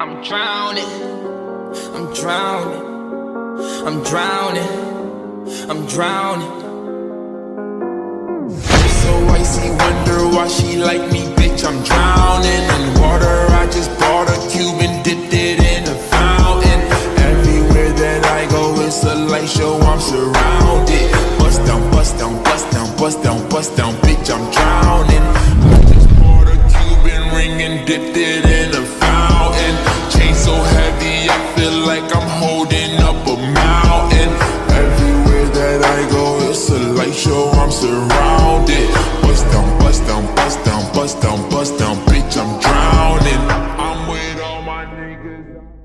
I'm drowning. I'm drowning. I'm drowning. I'm drowning. So icy, wonder why she like me, bitch. I'm drowning in water. I just bought a cube and dipped it in a fountain. Everywhere that I go, it's a light show. I'm surrounded. Bust down, bust down, bust down, bust down, bust down, bitch. I'm drowning. I just bought a cube and ring and dipped it in a holding up a mountain. Everywhere that I go, it's a light show, I'm surrounded. Bust down, bust down, bust down, bust down, bust down, bitch, I'm drowning. I'm with all my niggas.